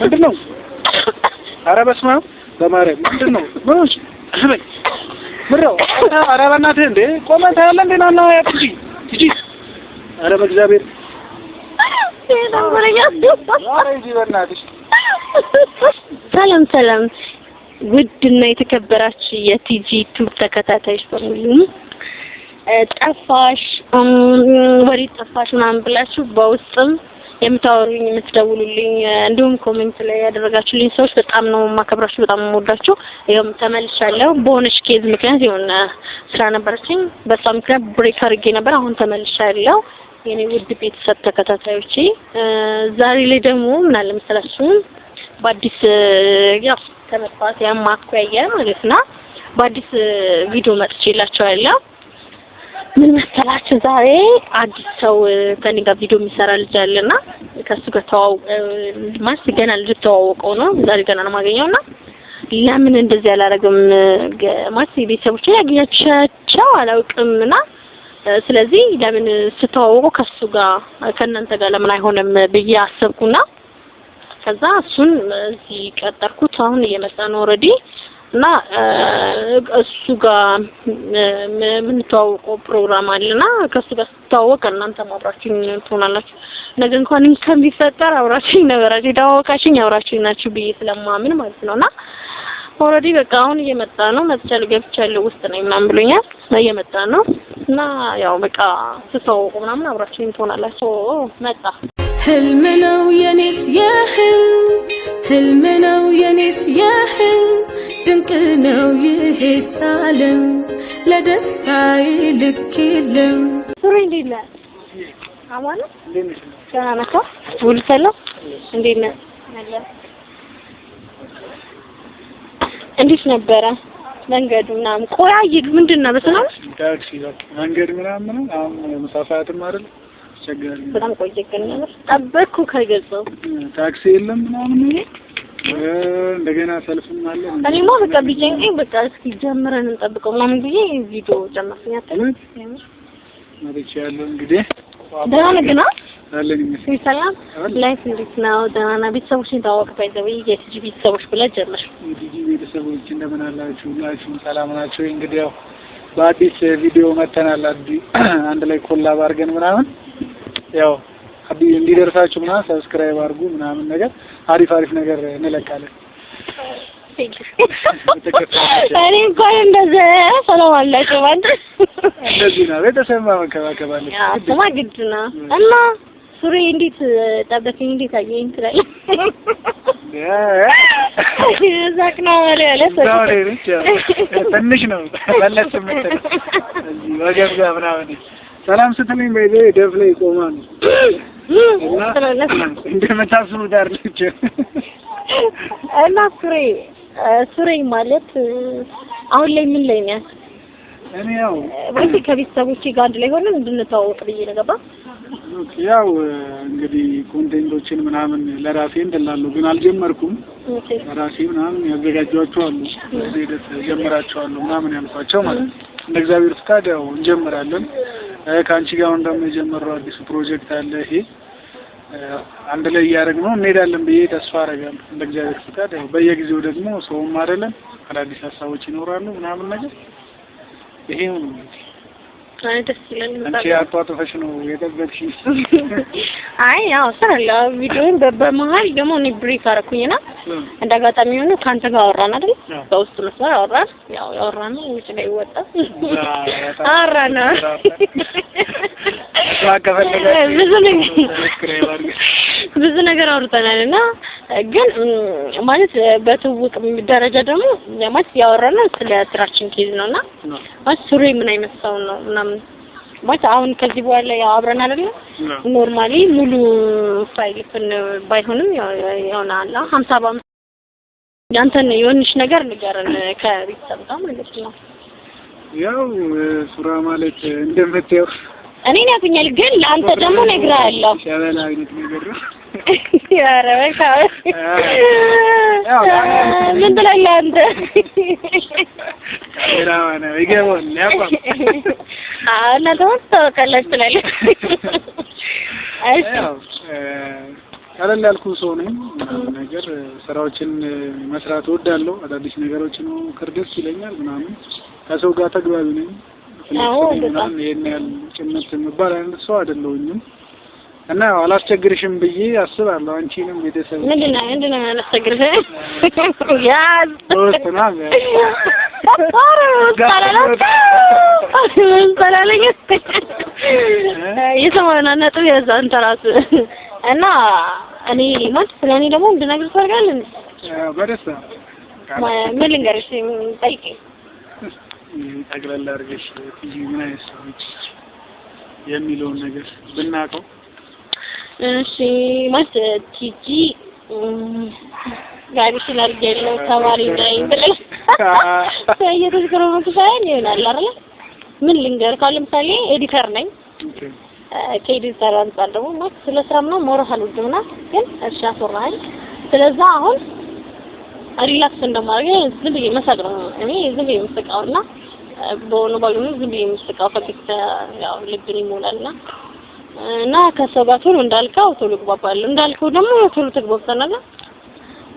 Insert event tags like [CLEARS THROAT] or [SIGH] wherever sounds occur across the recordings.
ምንድን ነው? ኧረ በስመ አብ በማርያም ምንድን ነው? እንዴ ያት እንጂ ኧረ በእግዚአብሔር ሰላም ሰላም። እና የተከበራችሁ የቲጂ ቱብ ተከታታዮች በሙሉ ጠፋሽ፣ ወዴት ጠፋሽ ምናምን ብላችሁ በውስጥም የምታወሩኝ የምትደውሉልኝ፣ እንዲሁም ኮሜንት ላይ ያደረጋችሁልኝ ሰዎች በጣም ነው የማከብራችሁ፣ በጣም ነው የምወዳችሁ። ይኸውም ተመልሻለሁ። በሆነች ኬዝ ምክንያት የሆነ ስራ ነበረችኝ፣ በሷ ምክንያት ብሬክ አድርጌ ነበር። አሁን ተመልሻለሁ። የኔ ውድ ቤተሰብ ተከታታዮቼ፣ ዛሬ ላይ ደግሞ ምን አለ መሰላችሁ በአዲስ ያው ተመጣጣ ያማኩ ያየ ማለት ነው በአዲስ ቪዲዮ መጥቼላችኋለሁ። ምን መሰላችሁ ዛሬ አዲስ ሰው ከኔ ጋር ቪዲዮ የሚሰራ ልጅ አለና ከሱ ጋር ተዋው ማስ ገና ልጅ ተዋወቀው ነው ዛሬ ገና ነው የማገኘው እና ለምን እንደዚህ አላደርግም ማስ ቤተሰቦች ያገኛቻቸው አላውቅም እና ስለዚህ ለምን ስተዋወቀው ከሱ ጋር ከእናንተ ጋር ለምን አይሆንም ብዬ አሰብኩና ከዛ እሱን እዚህ ቀጠርኩት አሁን እየመጣ ነው ኦልሬዲ እና እሱ ጋር የምንተዋወቀው ፕሮግራም አለና ከእሱ ጋር ስትተዋወቅ እናንተም አብራችሁኝ ትሆናላችሁ። ነገ እንኳን እንከን ቢፈጠር አብራችሁኝ ነበራችሁ፣ የተዋወቃችሁኝ አብራችሁኝ ናችሁ ብዬ ስለማምን ማለት ነው። እና ኦልሬዲ በቃ አሁን እየመጣ ነው። መጥቻል፣ ገብቻለሁ፣ ውስጥ ነኝ ምናምን ብሎኛል። እየመጣ ነው እና ያው በቃ ስትተዋወቁ ምናምን አብራችሁኝ ትሆናላችሁ። መጣ ህልም ነው የኔስ የህልም ህልም ነው የኔስ የህልም ድንቅ ነው ይሄስ ዓለም ለደስታዬ ልክ የለም። ሱሪ እንዴት ነህ? አማኑ ደህና ነህ? ሁሉ ሰላም እንዴት ነህ? እንዴት ነበረ መንገዱ ምናምን? ቆይ ምንድን ነው በሰላም መንገድ ምናምን አሁን ምሳ አይደል አስቸጋሪ በጣም ቆየ። ገና ጠበቅኩ። ታክሲ የለም ምናምን እንደገና ሰልፍም አለ። እኔማ በቃ ቢጨንቀኝ በቃ እስኪ ጀምረን እንጠብቀው ምናምን ጊዜ ቪዲዮ ጨመርኩኝ። ያለው እንግዲህ ደህና ነህ ግን ሰላም ላይፍ እንዴት ነው? ደህና ነህ? ቤተሰቦችን ታወቅ ባይዘው የቲጂ ቤተሰቦች ብለህ ጀምር። የቲጂ ቤተሰቦች እንደምን አላችሁ? ሁላችሁም ሰላም ናቸው። እንግዲህ ያው በአዲስ ቪዲዮ መተናል። አንድ ላይ ኮላብ አድርገን ምናምን ያው እንዲደርሳችሁ ምናምን ሰብስክራይብ አድርጉ ምናምን ነገር አሪፍ አሪፍ ነገር እንለቃለን። እኔ እንኳን እንደዚህ ሰላም አላችሁ ማለት እንደዚህ ነው። ቤተሰብ መንከባከብ ግድ ነው እና ሱሪ እንዴት ጠበከኝ፣ እንዴት አየኝ ትላለህ። እዛቅ ነው ማለ ያለ ትንሽ ነው መለስ የምትለው እዚህ ወገብ ጋር ምናምን ሰላም ስትልኝ በይዘ ደፍ ላይ ይቆማል እንደምታስሩ ዳር ናቸው እና ሱሬ ሱሬ ማለት አሁን ላይ ምን ላይ ነው? እኔ ያው ወይስ ከቤተሰቦቼ ጋር አንድ ላይ ሆነን እንድንተዋወቅ ብዬ ነው ገባ። ያው እንግዲህ ኮንቴንቶችን ምናምን ለራሴ እንደላለሁ ግን አልጀመርኩም። ለራሴ ምናምን ያዘጋጇቸው አሉ ሂደት ጀምራቸዋለሁ ምናምን ያልኳቸው ማለት ነው። እንደ እግዚአብሔር ፍቃድ ያው እንጀምራለን። ከአንቺ ጋር አሁን ደግሞ የጀመረው አዲሱ ፕሮጀክት አለ። ይሄ አንድ ላይ እያደረግን ነው እንሄዳለን ብዬ ተስፋ አደርጋለሁ። እንደ እግዚአብሔር ፍቃድ ያው በየጊዜው ደግሞ ሰውም አይደለም አዳዲስ ሀሳቦች ይኖራሉ ምናምን ነገር ይሄ ነው እንግዲህ ደስ ይላል። አንቺ አጧጥፈሽ ነው የጠበቅሽኝ? አይ ያው ሰላ ቪዲዮን በመሀል ደግሞ እኔ ብሬክ አደረኩኝና እንደ አጋጣሚ ሆኖ ከአንተ ጋር አወራን አይደል? በውስጥ መስመር አወራን። ያው ያወራን ውጭ ላይ ወጣ አወራን [LAUGHS] ብዙ ነገር አውርተናል እና ግን ማለት በትውቅ ደረጃ ደግሞ ማለት ያወራነው ስለ ስራችን ኬዝ ነው እና ማለት ሱሪ ምን አይነት ሰው ነው ምናምን ማለት አሁን ከዚህ በኋላ ያው አብረን አይደለም ኖርማሊ ሙሉ ፋይል ባይሆንም ይሆናል ሀምሳ በአምስት ያንተን የሆንሽ ነገር ንገረን ከቤተሰብ ጋር ማለት ነው። ያው ሱራ ማለት እንደምታየው እኔን ያቁኛል፣ ግን ለአንተ ደግሞ እነግርሃለሁ። ኧረ በቃ ምን ትላለህ አንተ? እናንተ ምን ትታወቃላችሁ ትላለህ። ቀለል ያልኩ ሰው ነኝ። ነገር ስራዎችን መስራት እወዳለሁ። አዳዲስ ነገሮችን መሞከር ደስ ይለኛል ምናምን። ከሰው ጋር ተግባቢ ነኝ። ይሄን ያህል ነጭነት የሚባል አይነት ሰው አይደለሁኝም እና ያው አላስቸግርሽም ብዬ አስባለሁ። አንቺንም ቤተሰብ ምንድን ነው ነጥብ አንተ እና እኔ ማለት ስለ እኔ ደግሞ በደስታ ምን ልንገርሽ ጠይቄ አድርገሽ ምን አይነት ሰዎች የሚለውን ነገር ብናውቀው። እሺ ማለት ቲጂ ጋቢሽናል ገለው ተማሪ ላይ ብለሽ [LAUGHS] እየተዝገረመ ክፋይል ይሆናል አይደል? ምን ልንገርህ፣ አሁን ለምሳሌ ኤዲተር ነኝ። ከኤዲተር አንጻር ደግሞ ማለት ስለ ስራ ምናምን ማውራት አልወድም እና ግን እርሻ አስወራኸኝ። ስለዛ አሁን ሪላክስ እንደማደርግ ዝም ብዬ መሳቅ ነው እኔ ዝም ብዬ መሳቅ እና በሆነ ባልሆነ ዝም ብዬ የምስቃው ፈገግታ ያው ልብን ይሞላልና እና ከሰው ጋር ቶሎ እንዳልከው ቶሎ ግባባለሁ እንዳልከው ደግሞ ቶሎ ተግባብተናል።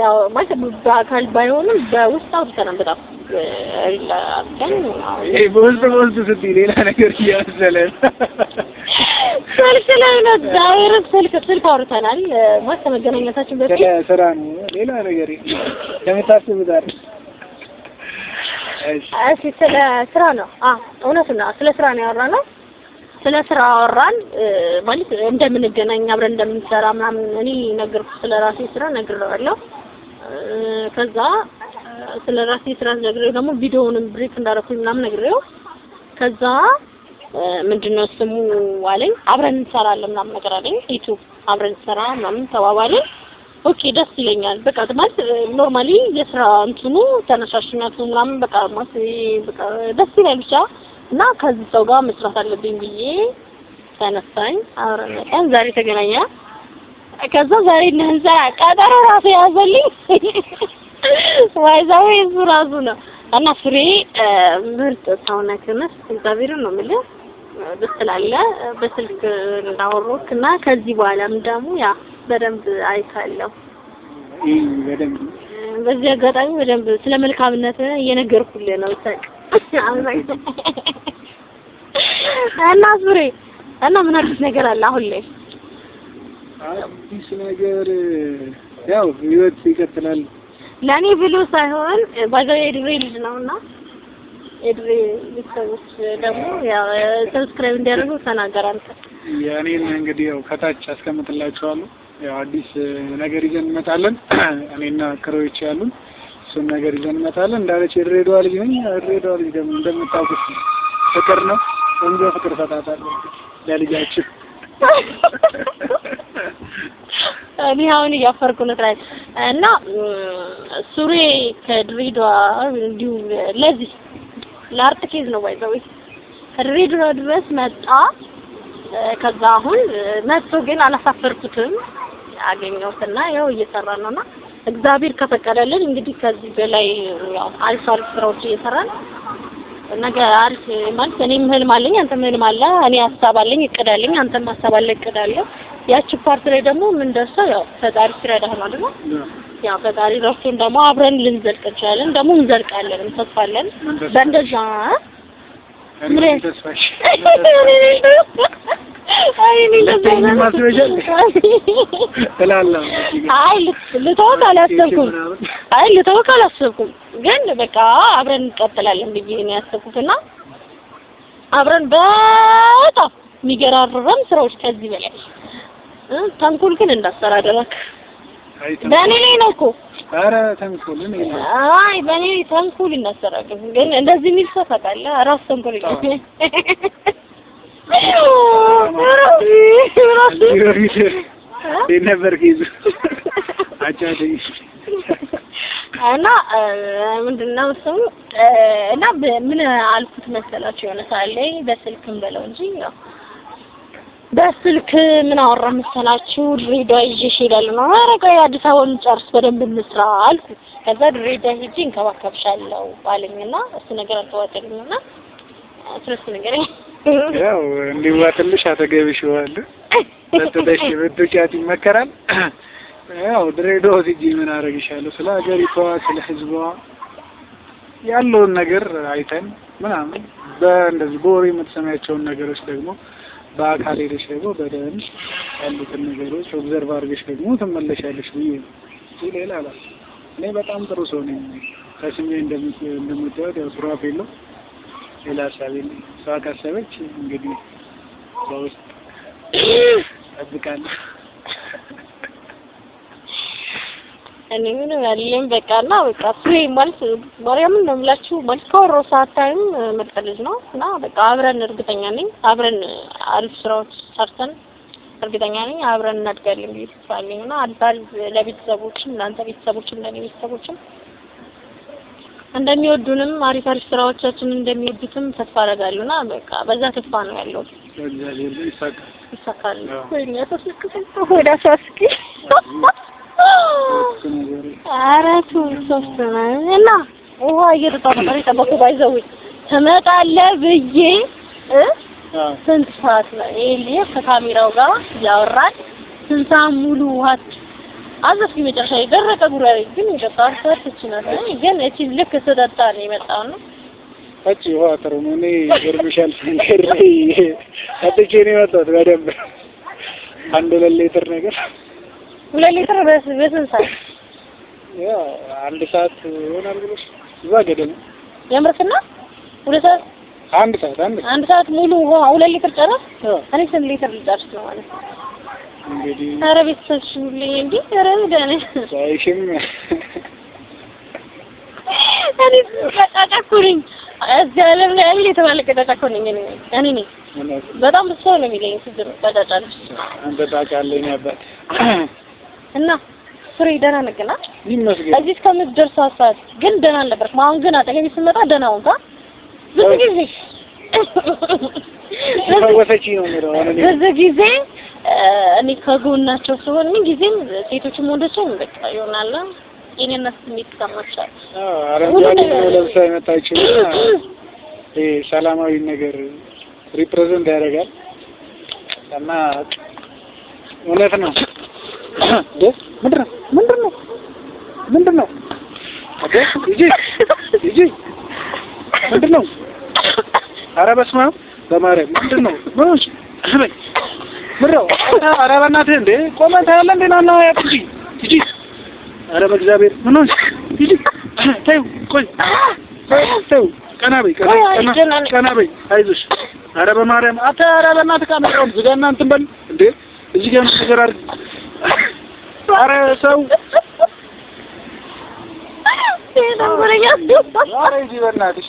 ያው ማለት በአካል ባይሆንም በውስጥ አውርተናል። በጣም ይሄ በውስጥ በውስጥ ስትይ ሌላ ነገር እያመሰለን ስልክ ላይ ነው። ዛሬ ስልክ ስልክ አውርተናል ማለት ከመገናኘታችን በፊት ስራ ነው ሌላ ነገር ለምታስብ ዛሬ እሺ፣ ስለ ስራ ነው። አዎ እውነት ነው። ስለ ስራ ነው ያወራነው። ስለ ስራ አወራን ማለት እንደምንገናኝ አብረን እንደምንሰራ ምናምን እኔ ነገርኩት። ስለ ራሴ ስራ ነግሬዋለሁ። ከዛ ስለ ራሴ ስራ ነግሬው ደግሞ ቪዲዮውንም ብሬክ እንዳደረኩኝ ምናምን ነግሬው ከዛ ምንድነው ስሙ አለኝ አብረን እንሰራለን ምናምን ነገር አለኝ። ዩቲዩብ አብረን እንሰራ ምናምን ተባባልን። ኦኬ ደስ ይለኛል። በቃ ማለት ኖርማሊ የስራ እንትኑ ተነሳሽነቱ ምናምን በቃ ማለት በቃ ደስ ይላል ብቻ እና ከዚህ ሰው ጋር መስራት አለብኝ ብዬ ተነሳኝ። አብረን ቀን ዛሬ ተገናኛ ከዛ ዛሬ እንንዛ ቀጠሮ ራሱ ያዘልኝ [LAUGHS] ዋይዛው እሱ ራሱ ነው እና ፍሬ ምርጥ ሰው ነህ ነህ እግዚአብሔርን ነው የምልህ። ደስ ትላለህ በስልክ እንዳወሩክ እና ከዚህ በኋላም ደግሞ ያ በደንብ አይታለሁ። በደንብ በዚህ አጋጣሚ በደንብ ስለ መልካምነት እየነገርኩልህ ነው። ታውቅ እና ዙሬ እና ምን አዲስ ነገር አለ አሁን ላይ? አዲስ ነገር ያው ህይወት ይቀጥላል። ለእኔ ብሎ ሳይሆን ባዛ የድሬ ልጅ ነውና የድሬ ቤተሰቦች ደግሞ ያው ሰብስክራይብ እንዲያደርጉ ተናገር አንተ። የእኔን እንግዲህ ያው ከታች አስቀምጥላቸዋለሁ። ያው አዲስ ነገር ይዘን እንመጣለን። [CLEARS THROAT] እኔና ክሮዎች ያሉን እሱን ነገር ይዘን እንመጣለን። እንዳለች የድሬዳዋ ልጅ ነኝ። ድሬዳዋ ልጅ ደግሞ እንደምታውቁት ፍቅር ነው። ቆንጆ ፍቅር ፈጣጣለሁ ለልጃችን። [LAUGHS] እኔ አሁን እያፈርኩ ነው እና ሱሬ ከድሬዳዋ እንዲሁ ለዚህ ለአርጥ ኬዝ ነው ባይዘው ከድሬዳዋ ድረስ መጣ። ከዛ አሁን መጥቶ ግን አላሳፈርኩትም። አገኘሁትና ያው እየሰራ ነውና እግዚአብሔር ከፈቀደልን እንግዲህ ከዚህ በላይ ያው አሪፍ አሪፍ ስራዎች እየሰራን ነገ አሪፍ ማለት እኔም ህልም አለኝ፣ አንተም ህልም አለ። እኔ ሀሳብ አለኝ፣ እቅድ አለኝ፣ አንተም ሀሳብ አለ፣ እቅድ አለ። ያቺ ፓርት ላይ ደግሞ ምን የምንደርሰው ያው ፈጣሪ ሲረዳህ ነው አይደል? ያው ፈጣሪ ረፍቱን ደግሞ አብረን ልንዘልቅ እንችላለን፣ ደግሞ እንዘልቃለን፣ እንተስፋለን። በእንደዛ ምን ተስፋሽ [LAUGHS] አይ ልተወቅ አላሰብኩም። አይ ግን በቃ አብረን እንቀጥላለን ብዬ ነው አብረን በጣም የሚገራርም ስራዎች ከዚህ በላይ ተንኮል ግን እንዳሰራ በእኔ ላይ ነው እኮ ኧረ ተንኮል አይ በእኔ ተንኮል ግን እንደዚህ የሚል ሰው ታውቃለህ፣ እራሱ ተንኮል ነበር እና ምንድን ነው ስሙ እና ምን አልኩት መሰላችሁ የሆነ ሰዓት ላይ በስልክም በለው እንጂ ያው በስልክ ምን አወራ መሰላችሁ ድሬዳዋ ይዤሽ እሄዳለሁ ነው። ኧረ ቆይ አዲስ አበባን ጨርስ በደንብ እንስራ አልኩት። ከዛ ድሬዳዋ እንከባከብሻለሁ እሱ ነገር ነገር ያው እንዲዋጥልሽ አጠገብሽ ይዋል ለጥደሽ ይመከራል። ያው ድሬዳዋ ሲጂ ምን ስለ ሀገሪቷ ስለ ህዝቧ ያለውን ነገር አይተን ምናምን በእንደዚህ በወሬ የምትሰሚያቸውን ነገሮች ደግሞ በአካል ሄደሽ ደግሞ በደንብ ያሉትን ነገሮች ኦብዘርቭ አድርገሽ ደግሞ ትመለሻለሽ ብዬ ነው። ሌላ እኔ በጣም ጥሩ ሰው ነኝ። ከስሜ እንደምትወድ ያው ሱራፌል ነው ሌላ ሀሳብ የለም። እሷ ካሰበች እንግዲህ በውስጥ ጠብቃለሁ። እኔ ምንም ያለኝ በቃ እና በቃ ፍሬ ማለት ማርያምን ነው የምላችሁ ማለት ከወሮ ሰዓት ታይም ምርጥ ልጅ ነው እና በቃ አብረን እርግጠኛ ነኝ አብረን አሪፍ ስራዎች ሰርተን እርግጠኛ ነኝ አብረን እናድጋለን ብዬ ተስፋ አለኝ እና ለቤተሰቦችም ለአንተ ቤተሰቦችም ለእኔ ቤተሰቦችም እንደሚወዱንም አሪፍ አሪፍ ስራዎቻችንን እንደሚወዱትም ተስፋ አደርጋለሁና በቃ በዛ ተስፋ ነው ያለው። ይሳካል። ትመጣለህ ብዬ ስንት ሰዓት ነው ይሄ ከካሜራው ጋር ያወራል ስንት ሰዓት ሙሉ ውሃ አዘፍ መጨረሻ የደረቀ ጉራሬ ግን የጠጣዋት ሰዓት ትችናት ግን እቺ ልክ ስጠጣ ነው የመጣው ነው እቺ ውሃ ጥሩ ነው። እኔ ይገርምሻል ስንገር አጥቼ ነው የመጣሁት በደንብ አንድ ሁለት ሌትር ነገር ሁለት ሌትር በስንት ሰዓት ያው አንድ ሰዓት ይሆናል ብሎሽ እዛ ገደል የምርክና ሁለት ሰዓት አንድ ሰዓት አንድ ሰዓት ሙሉ ውሃ ሁለት ሌትር ጨረስ እኔ ስንት ሌትር ልጨርስ ነው ማለት ነው እንግዲህ ኧረ ቤተሰብሽ ሁሉኝ እንዴ! ኧረ ደህና ሳይሽም እኔ ቀጫጫ እኮ ነኝ። እዚህ ዓለም ላይ ያለ የተባለ ቀጫጫ እኮ ነኝ እኔ ነኝ። በጣም ብዙ ሰው ነው የሚለኝ ስድብ ቀጫጫ ነሽ። አንተ ታውቃለህ የእኔ አባት እና ፍሬ ደህና ነህ ግን አይደል? ይመስገን። እዚህ እስከምትደርስ ሰዓት ግን ደህና አልነበርኩም። አሁን ግን አጠገቤ ስትመጣ ደህና ሆንክ። ብዙ ጊዜ ብዙ ጊዜ እኔ ከጎናቸው ስሆን ምን ጊዜም ሴቶችም ወንዶችም በቃ ይሆናል የኔነት ስሜት ይሰማቸዋል። አረንጓዴ ለብሳ የመጣችው ይሄ ሰላማዊ ነገር ሪፕሬዘንት ያደርጋል እና እውነት ነው። ምንድን ነው ምንድን ነው ምንድን ነው ይጂ ይጂ ምንድን ነው? ኧረ በስመ አብ በማርያም ምንድን ነው? ምን ሆንሽ? በይ ምረው ኧረ በእናትህ እንዴ ቆመህ ታያለህ እንዴ ናና ያጥጂ ሂጂ ኧረ በእግዚአብሔር ምን ሆንሽ ሂጂ ተይው ቆይ ተይው ቀና በይ ቀና በይ አይዞሽ ኧረ በማርያም አታ ኧረ በእናትህ ካሜራውን ዝጋ እና እንትን በል እንዴ እዚህ ጋር ነገር አድርግ ኧረ ሰው ኧረ ሂጂ በእናትሽ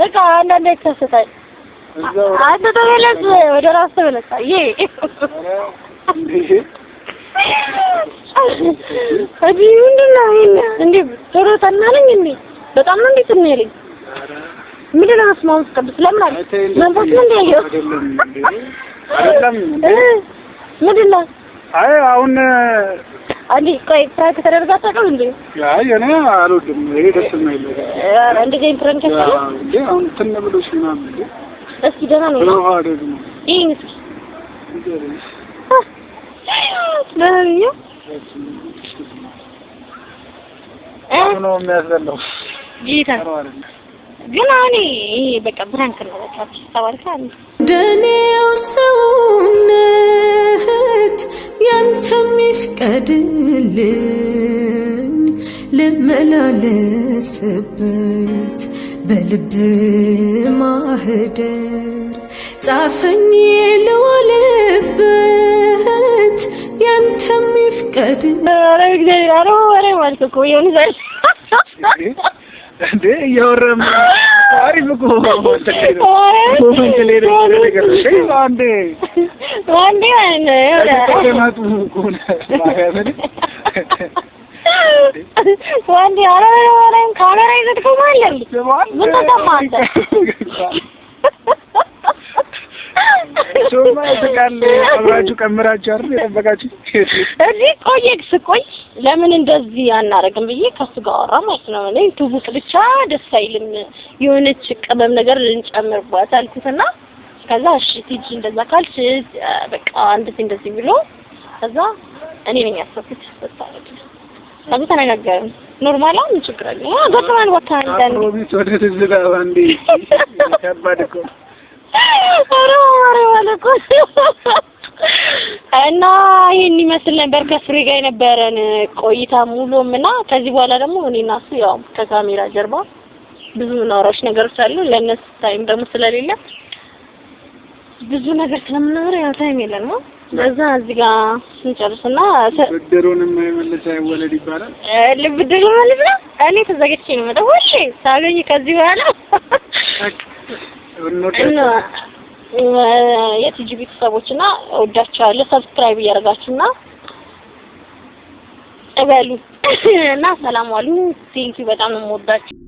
በቃ አንዳንዴ ተሰጣይ አንተ ተመለስ፣ ወደ ራስ ተመለስ። አይ አዲ ምንድን ነው እንዴ? ቶሎ ተናለኝ እንዴ? በጣም ነው እንዴ ተናለኝ። ምንድን ነው ስማውን ስቀብስ ለምን አለ መንፈስ ምን እንደ ያየው አይደለም። ምንድን ነው አይ አሁን አንዴ ቆይ ፍራንክ ተደርጋታ እንዴ? አይ እኔ አልወድም። ይሄ ደስ የሚል ነገር አንዴ ፍራንክ ተደርጋ እንዴ አሁን ትን ብሎሽ ምናምን እንዴ እስኪ ደህና ነው ነው አይደል ነው ይሄ እስኪ ለምን ነው የሚያዘለው ጌታ ግን እኔ በቃ ብራንክ ነው ታውቃለህ። ደኔው ሰውነት ይፍቀድ ያንተም ይፍቀድልኝ ልመላለስበት በልብ ማህደር ጻፈኝ ልዋልበት ያንተም ይፍቀድ። ኧረ እግዚአብሔር! ኧረ ወሬ እኮ የሆነ ዛሬ እንዴ እያወረም አሪፍ እኮ ወንዴ ካሜራ ይዘድከው ማለት ምን ተሰማህ አንተ? ሱማ ይስቃል። አብራችሁ ቀምራችሁ አይደል የጠበቃችሁ? እዚህ ቆየ ስቆይ ለምን እንደዚህ አናረግም ብዬ ከሱ ጋር አወራ ማለት ነው። እኔ ትውውቅ ብቻ ደስ አይልም፣ የሆነች ቅመም ነገር እንጨምርባት አልኩትና ከዛ እሺ ትጂ እንደዛ ካልሽ በቃ አንድ እንደዚህ ብሎ ከዛ እኔ ነኝ ያሰብኩት ተሳረክ ከዛ ተነጋገርን። ኖርማል ምን ችግር አለ? ገጥማን ወታ እንዳንዴ ፕሮሚስ ወደ ትዝላ ባንዴ ከባድ እኮ እና ይሄን ይመስል ነበር ከፍሬ ጋር የነበረን ቆይታ ሙሉም እና ከዚህ በኋላ ደግሞ እኔ እና እሱ ያው ከካሜራ ጀርባ ብዙ ምናወራዎች ነገሮች አሉ። ለእነሱ ታይም ደግሞ ስለሌለ ብዙ ነገር ስለምናወራ ያው ታይም ነው። በዛ እዚህ ጋር እንጨርስና ብድሩንም መልስ አይወለድ ይባላል። ልብድሩ ማለት ነው። እኔ ተዘጋጅቼ ነው የምመጣው። እሺ ሳገኝ ከዚህ በኋላ የቲጂ ቤተሰቦች እና እወዳቸዋለሁ። ሰብስክራይብ እያደረጋችሁ እና እበሉ [LAUGHS] እና ሰላም ዋሉ። ቴንኪው በጣም ነው የምወዳችሁ።